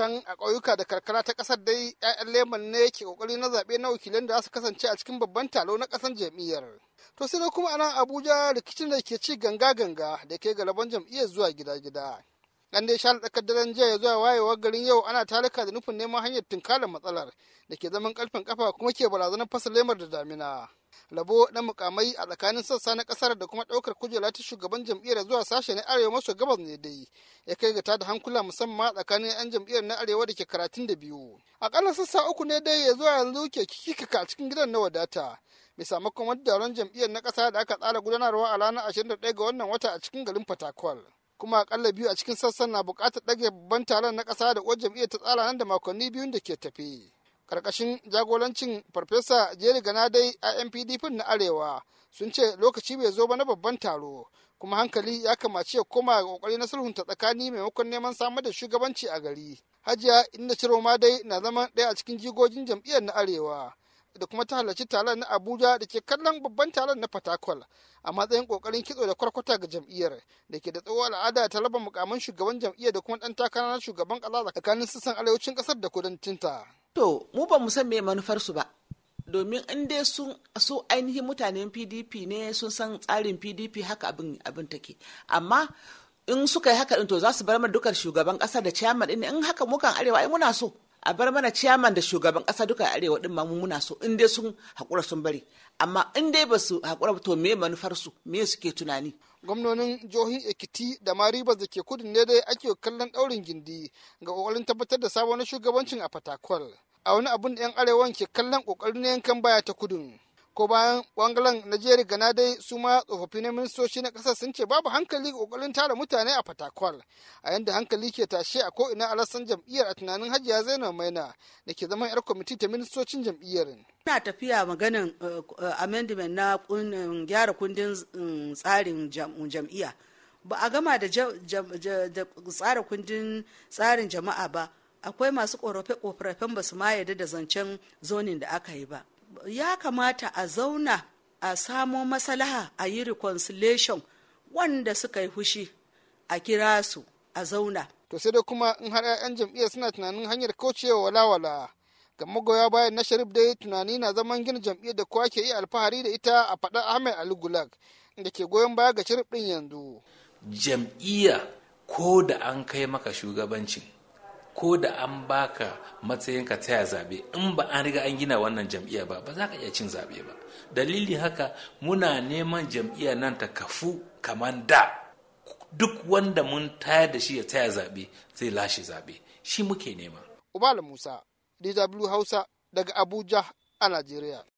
can a ƙauyuka da karkara ta ƙasar dai 'ya'yan lemon ne ke ƙoƙari na zaɓe na wakilan da za su kasance a cikin babban talo na ƙasar jam'iyyar. To sai kuma a nan Abuja rikicin da ke ci ganga-ganga da ke galaban jam'iyyar zuwa gida-gida. Ɗan dai sha tsakar daren jiya zuwa wayewar garin yau ana talaka da nufin neman hanyar tunkalar matsalar da ke zaman ƙarfin ƙafa kuma ke barazanar fasa lemar da damina. Labo, na mukamai a tsakanin sassa na kasar da kuma ɗaukar kujera ta shugaban jam'iyyar zuwa sashe na arewa maso gabas ne dai ya kai ga da hankula musamman tsakanin 'yan jam'iyyar na arewa da ke karatun da biyu A akalla sassa uku ne dai ya zuwa yanzu ke kikika a cikin gidan na wadata bisa makon taron jam'iyyar na kasa da aka tsara gudanarwa a ranar ashirin da ɗaya ga wannan wata a cikin garin fatakwal kuma akalla biyu a cikin sassan na bukatar ɗage babban taron na kasa da uwar jam'iyyar ta tsara nan da makonni biyun da ke tafe karkashin jagorancin farfesa jeri ganadai a npdp na arewa sun ce lokaci bai zo ba na babban taro kuma hankali ya kamace ya koma kokari na sulhunta tsakani maimakon neman samar da shugabanci a gari hajiya inda ciro ma dai na zama ɗaya a cikin jigogin jam'iyyar na arewa da kuma ta halarci taron na abuja da ke kallon babban taron na fatakwal a matsayin kokarin kitso da kwarkwata ga jam'iyyar da ke da tsohuwar al'ada ta raba mukamin shugaban jam'iyyar da kuma ɗan takara na shugaban ƙasa tsakanin sassan arewacin ƙasar da kudancinta to mu ba mu san me manufarsu ba domin in dai sun su ainihin mutanen pdp ne sun san tsarin pdp haka abin abin take amma in suka yi haka ɗin to za su bar mana dukar shugaban kasa da chairman ɗin in haka mukan arewa ai muna so a bar mana ciyaman da shugaban kasa duka a arewa din ma muna so in dai sun hakura sun bari amma in dai ba su hakura to me manufar su me suke tunani gwamnonin jihohin ekiti da ma ribas da ke kudin ne dai ake kallon daurin gindi ga kokarin tabbatar da sabon shugabancin a fatakwal a wani abun da yan arewa ke kallon kokarin yankan baya ta kudin ko bayan bangaren na gana dai su ma tsofaffi na ministoci na kasar sun ce babu hankali kokarin tara mutane a fatakwal a yanda hankali ke tashe a ko ina a jam'iyyar a tunanin hajiya zainab maina da ke zama yar kwamiti ta ministocin jam'iyyar ina tafiya maganin eh, eh, amendment na eh, gyara kundin tsarin jam'iyya ba a gama da tsara kundin tsarin jama'a ba akwai masu korafe-korafen ba su ma yarda da zancen zonin da aka yi ba ya kamata a zauna a samo masalaha a yi reconciliation wanda suka yi hushi a kira su a zauna to sai dai kuma in har 'ya'yan jam'iyyar suna tunanin hanyar kaucewa walawala ga magoya bayan na sharif dai tunani na zaman gina jam'iyyar da kowa ke yi alfahari da ita a faɗa ahmed ali gulag da ke goyon baya ga sharif ɗin yanzu jam'iyya ko da an kai maka shugabancin ko da an baka matsayin ka taya zabe in ba an riga an gina wannan jam'iyya ba ba za ka iya cin zabe ba dalili haka muna neman jam'iyya nan ta kafu kamar da duk wanda mun tayar da shi ya taya zabe zai lashe zabe shi muke nema ubala musa dw hausa daga abuja a najeriya